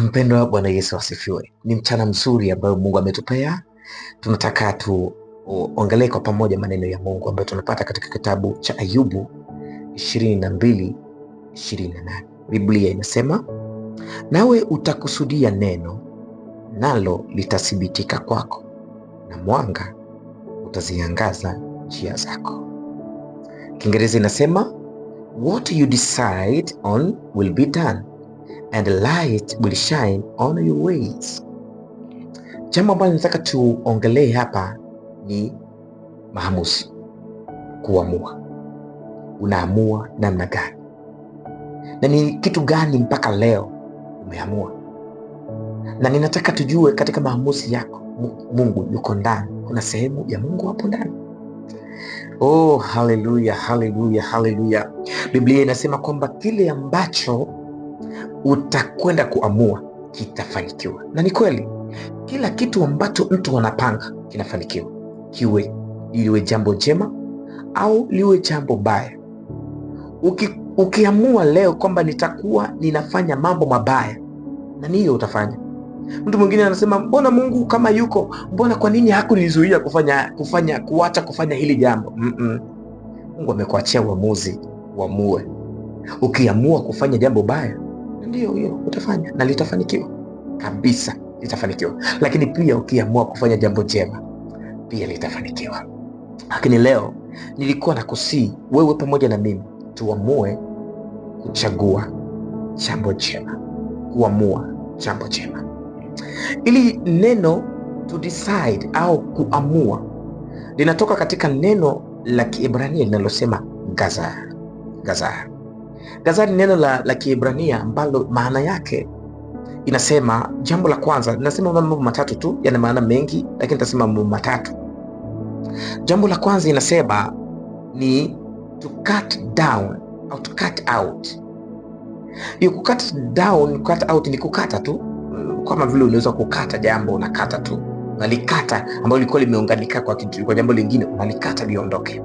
mpendo wa Bwana Yesu asifiwe. Ni mchana mzuri ambayo Mungu ametupea, tunataka tuongelee kwa pamoja maneno ya Mungu ambayo tunapata katika kitabu cha Ayubu 22 28. Biblia inasema, nawe utakusudia neno nalo litathibitika kwako, na mwanga utaziangaza njia zako. Kiingereza inasema what you decide on will be done and light will shine on your ways. Jambo ambalo nataka tuongelee hapa ni maamuzi, kuamua. Unaamua namna gani na ni kitu gani mpaka leo umeamua? Na ninataka tujue katika maamuzi yako Mungu yuko ndani. Kuna sehemu ya Mungu hapo ndani. Oh, haleluya, haleluya, haleluya! Biblia inasema kwamba kile ambacho utakwenda kuamua kitafanikiwa. Na ni kweli, kila kitu ambacho mtu anapanga kinafanikiwa, kiwe liwe jambo jema au liwe jambo baya. Uki, ukiamua leo kwamba nitakuwa ninafanya mambo mabaya, na niyo utafanya. Mtu mwingine anasema mbona Mungu kama yuko, mbona kwa nini hakunizuia kufanya kufanya kuacha kufanya hili jambo? mm -mm. Mungu amekuachia uamuzi, uamue. Ukiamua kufanya jambo baya, ndio hiyo utafanya na litafanikiwa kabisa litafanikiwa lakini pia ukiamua kufanya jambo jema pia litafanikiwa lakini leo nilikuwa na kusii wewe pamoja na mimi tuamue kuchagua jambo jema kuamua jambo jema ili neno to decide au kuamua linatoka katika neno la kiibrania linalosema gazar gazaa Gaza ni neno la, la Kiebrania ambalo maana yake inasema, jambo la kwanza, ninasema mambo matatu tu, yana maana mengi, lakini nitasema mambo matatu. Jambo la kwanza inasema ni to cut down au to cut out. Hiyo ku cut down, cut out ni kukata tu, mm, kama vile unaweza kukata jambo, unakata tu, unalikata ambalo lilikuwa limeunganika kwa kitu, kwa jambo lingine unalikata liondoke.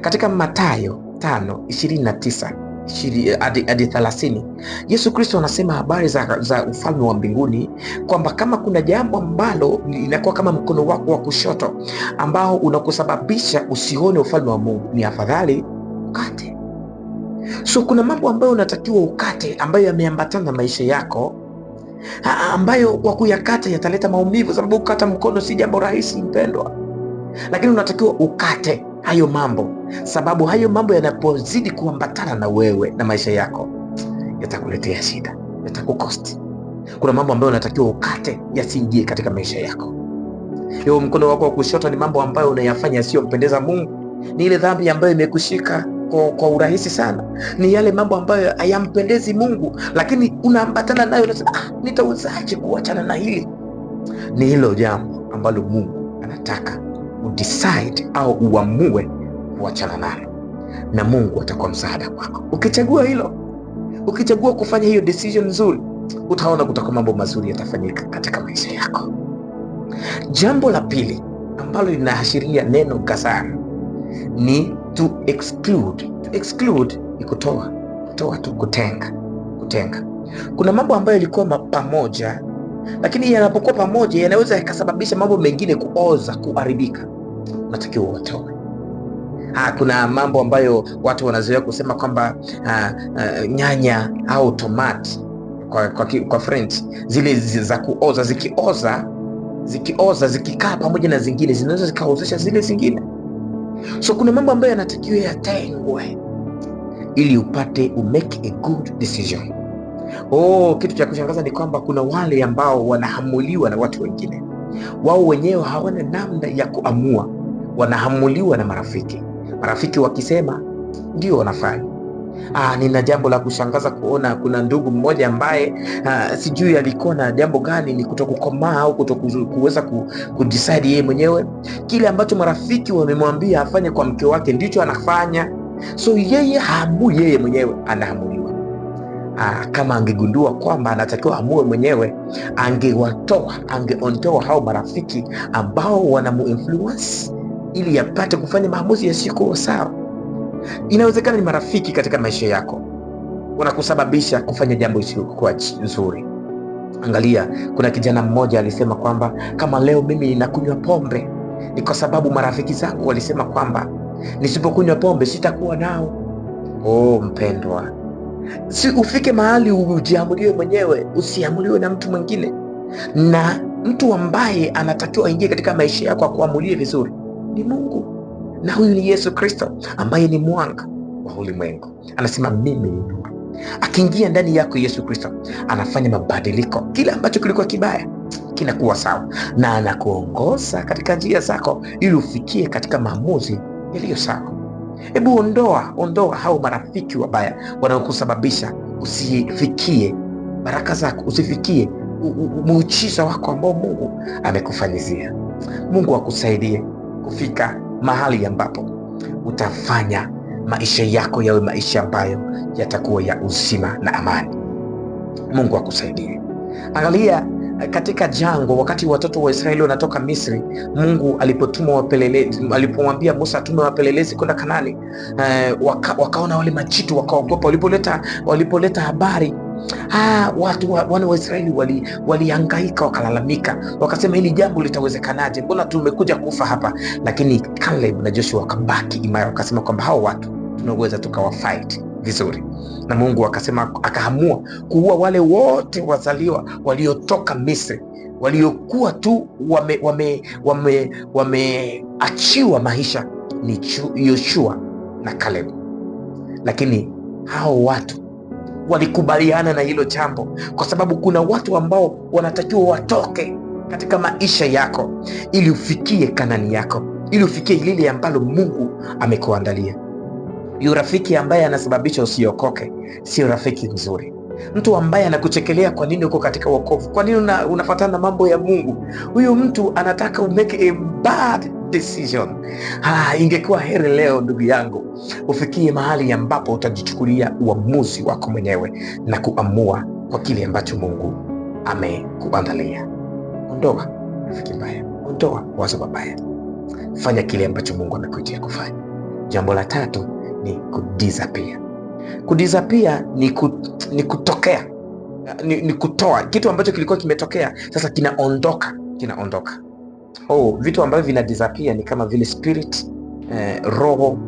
Katika matayo Mathayo 5:29 Eh, hadi thelathini. Yesu Kristo anasema habari za, za ufalme wa mbinguni kwamba kama kuna jambo ambalo linakuwa kama mkono wako wa kushoto ambao unakusababisha usione ufalme wa Mungu, ni afadhali ukate. So kuna mambo ambayo unatakiwa ukate, ambayo yameambatana na maisha yako ha, ambayo kwa kuyakata yataleta maumivu, sababu kukata mkono si jambo rahisi, mpendwa, lakini unatakiwa ukate hayo mambo, sababu hayo mambo yanapozidi kuambatana na wewe na maisha yako yatakuletea shida, yatakukosti. Kuna mambo ambayo unatakiwa ukate yasiingie katika maisha yako. Leo mkono wako wa kushoto ni mambo ambayo unayafanya yasiyompendeza Mungu, ni ile dhambi ambayo imekushika kwa, kwa urahisi sana, ni yale mambo ambayo hayampendezi Mungu, lakini unaambatana nayo, unasema ah, nitauzaje kuachana na hili? Ni hilo jambo ambalo Mungu anataka udecide au uamue kuachana nalo na mungu atakuwa msaada kwako ukichagua hilo ukichagua kufanya hiyo decision nzuri utaona kutakuwa mambo mazuri yatafanyika katika maisha yako jambo la pili ambalo linaashiria neno kasara ni to exclude to exclude ni kutoa kutoa tu kutenga kutenga kuna mambo ambayo yalikuwa pamoja lakini yanapokuwa pamoja yanaweza yakasababisha mambo mengine kuoza, kuharibika. Natakiwa watoe. Ha, ah, kuna mambo ambayo watu wanazoea kusema kwamba ha, ah, ah, ha, nyanya au tomati kwa, kwa, kwa French zile za kuoza zikioza zikioza zikikaa pamoja na zingine zinaweza zikaozesha zile zingine. So kuna mambo ambayo yanatakiwa yatengwe ili upate umake a good decision. Oh, kitu cha kushangaza ni kwamba kuna wale ambao wanahamuliwa na watu wengine. Wao wenyewe hawana namna ya kuamua, wanahamuliwa na marafiki. Marafiki wakisema ndio wanafanya. Ah, nina jambo la kushangaza kuona kuna ndugu mmoja ambaye ah, sijui alikuwa na jambo gani, ni kutokukomaa au kutokuweza kujisadi yeye mwenyewe. Kile ambacho marafiki wamemwambia afanye kwa mke wake ndicho anafanya, so yeye haamui yeye mwenyewe, anaamuliwa aa, ah, kama angegundua kwamba anatakiwa amue mwenyewe, angewatoa angeondoa hao marafiki ambao wanamuinfluence ili yapate kufanya maamuzi yasiyokuwa sawa. Inawezekana ni marafiki katika maisha yako wanakusababisha kufanya jambo isiyokuwa nzuri. Angalia, kuna kijana mmoja alisema kwamba kama leo mimi ninakunywa pombe ni kwa sababu marafiki zangu walisema kwamba nisipokunywa pombe sitakuwa nao. Oh mpendwa, si ufike mahali ujiamuliwe mwenyewe, usiamuliwe na mtu mwingine. Na mtu ambaye anatakiwa aingie katika maisha yako akuamulie vizuri ni Mungu, na huyu ni Yesu Kristo ambaye ni mwanga wa ulimwengu. Anasema mimi ni nuru. Akiingia ndani yako Yesu Kristo anafanya mabadiliko, kile ambacho kilikuwa kibaya kinakuwa sawa, na anakuongoza katika njia zako ili ufikie katika maamuzi yaliyo sawa. Hebu ondoa ondoa hao marafiki wabaya wanaokusababisha usifikie baraka zako, usifikie muujiza wako ambao Mungu amekufanyizia. Mungu akusaidie kufika mahali ambapo utafanya maisha yako yawe maisha ambayo yatakuwa ya uzima na amani. Mungu akusaidie. Angalia Eh, katika jangwa wakati watoto wa Israeli wanatoka Misri, Mungu alipotuma wapelelezi, alipomwambia Musa atume wapelelezi kwenda Kanani, eh, waka, wakaona wale machitu wakaogopa. Walipoleta walipoleta habari Ah, watu wa, wana wa Israeli wali wakalalamika, wakasema hili jambo litawezekanaje? Mbona tumekuja kufa hapa? Lakini Caleb na Joshua wakabaki imara, wakasema kwamba hao watu tunaweza tukawafight vizuri. Na Mungu akasema, akaamua kuua wale wote wazaliwa waliotoka Misri waliokuwa tu wameachiwa wame, wame, wame maisha ni Yoshua na Kalebu, lakini hao watu walikubaliana na hilo jambo, kwa sababu kuna watu ambao wanatakiwa watoke katika maisha yako ili ufikie Kanani yako, ili ufikie lile ambalo Mungu amekuandalia yurafiki rafiki ambaye anasababisha usiokoke sio rafiki mzuri mtu ambaye anakuchekelea kwa nini uko katika wokovu kwa nini una, unafatana mambo ya mungu huyu mtu anataka umeke a bad decision ha, ingekuwa heri leo ndugu yangu ufikie mahali ambapo utajichukulia uamuzi wako mwenyewe na kuamua kwa kile ambacho mungu amekuandalia ondoa rafiki mbaya ondoa wazo mabaya fanya kile ambacho mungu amekuitia kufanya jambo la tatu ni kudisappear. Kudisappear ni, ku, ni kutokea ni, ni kutoa kitu ambacho kilikuwa kimetokea, sasa kinaondoka, kinaondoka. Oh, vitu ambavyo vina disappear ni kama vile spirit eh, roho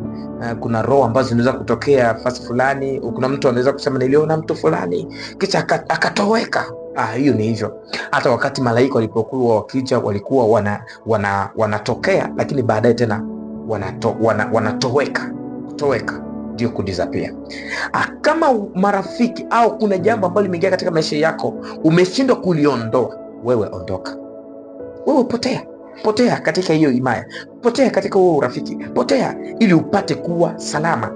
eh, kuna roho ambazo zinaweza kutokea fasi fulani. Kuna mtu anaweza kusema niliona mtu fulani kisha akatoweka. Ah, hiyo ni hivyo. Hata wakati malaika walipokuwa wakija walikuwa wana, wana, wanatokea, lakini baadaye tena wanato, wana, wanatoweka kutoweka ndio kudisapia ah, Kama marafiki au kuna jambo ambalo limeingia katika maisha yako umeshindwa kuliondoa, wewe ondoka, wewe potea, potea katika hiyo imaya potea katika huo urafiki, potea ili upate kuwa salama.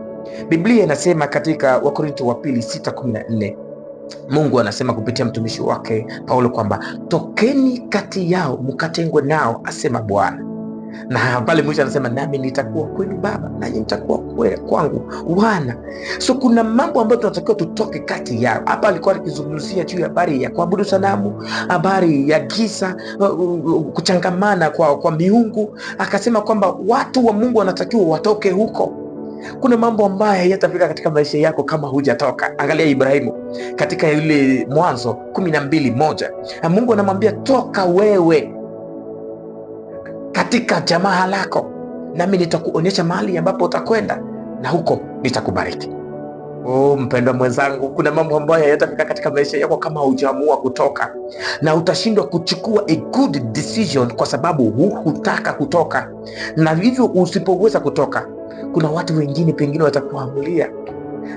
Biblia inasema katika Wakorinto wa pili 6:14 Mungu anasema kupitia mtumishi wake Paulo kwamba tokeni kati yao mkatengwe nao, asema Bwana na pale mwisho anasema nami nitakuwa kwenu baba, nanyi mtakuwa kwangu wana. So kuna mambo ambayo tunatakiwa tutoke kati yao. Hapa alikuwa akizungumzia juu ya habari ya kuabudu sanamu, habari ya gisa uh, uh, uh, kuchangamana kwa, kwa miungu. Akasema kwamba watu wa Mungu wanatakiwa watoke huko. Kuna mambo ambayo yatafika katika maisha yako kama hujatoka. Angalia Ibrahimu katika yule Mwanzo kumi na mbili moja Mungu anamwambia toka wewe katika jamaa lako, nami nitakuonyesha mahali ambapo utakwenda na huko nitakubariki. Oh, mpendwa mwenzangu, kuna mambo ambayo yatafika katika maisha yako kama hujaamua kutoka, na utashindwa kuchukua a good decision kwa sababu hukutaka kutoka, na hivyo usipoweza kutoka, kuna watu wengine pengine watakuamulia.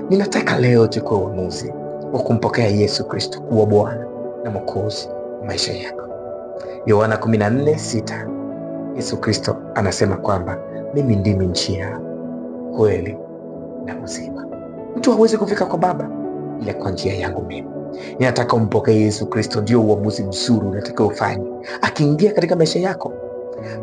Ninataka leo chukua uamuzi wa kumpokea Yesu Kristo kuwa Bwana na Mwokozi maisha yako. Yohana 14:6. Yesu Kristo anasema kwamba mimi ndimi njia, kweli na uzima, mtu hawezi kufika kwa Baba ila kwa njia yangu mimi. Ninataka umpokee Yesu Kristo, ndio uamuzi mzuri unatakiwa ufanye. Akiingia katika maisha yako,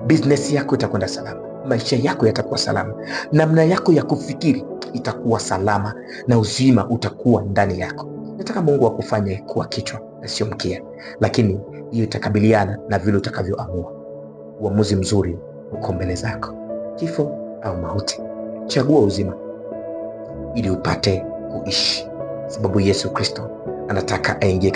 biznesi yako itakwenda salama, maisha yako yatakuwa salama, namna yako ya kufikiri itakuwa salama, na uzima utakuwa ndani yako. Nataka Mungu akufanye kuwa kichwa na sio mkia, lakini hiyo itakabiliana na vile utakavyoamua uamuzi mzuri uko mbele zako, kifo au mauti. Chagua uzima ili upate kuishi, sababu Yesu Kristo anataka aingie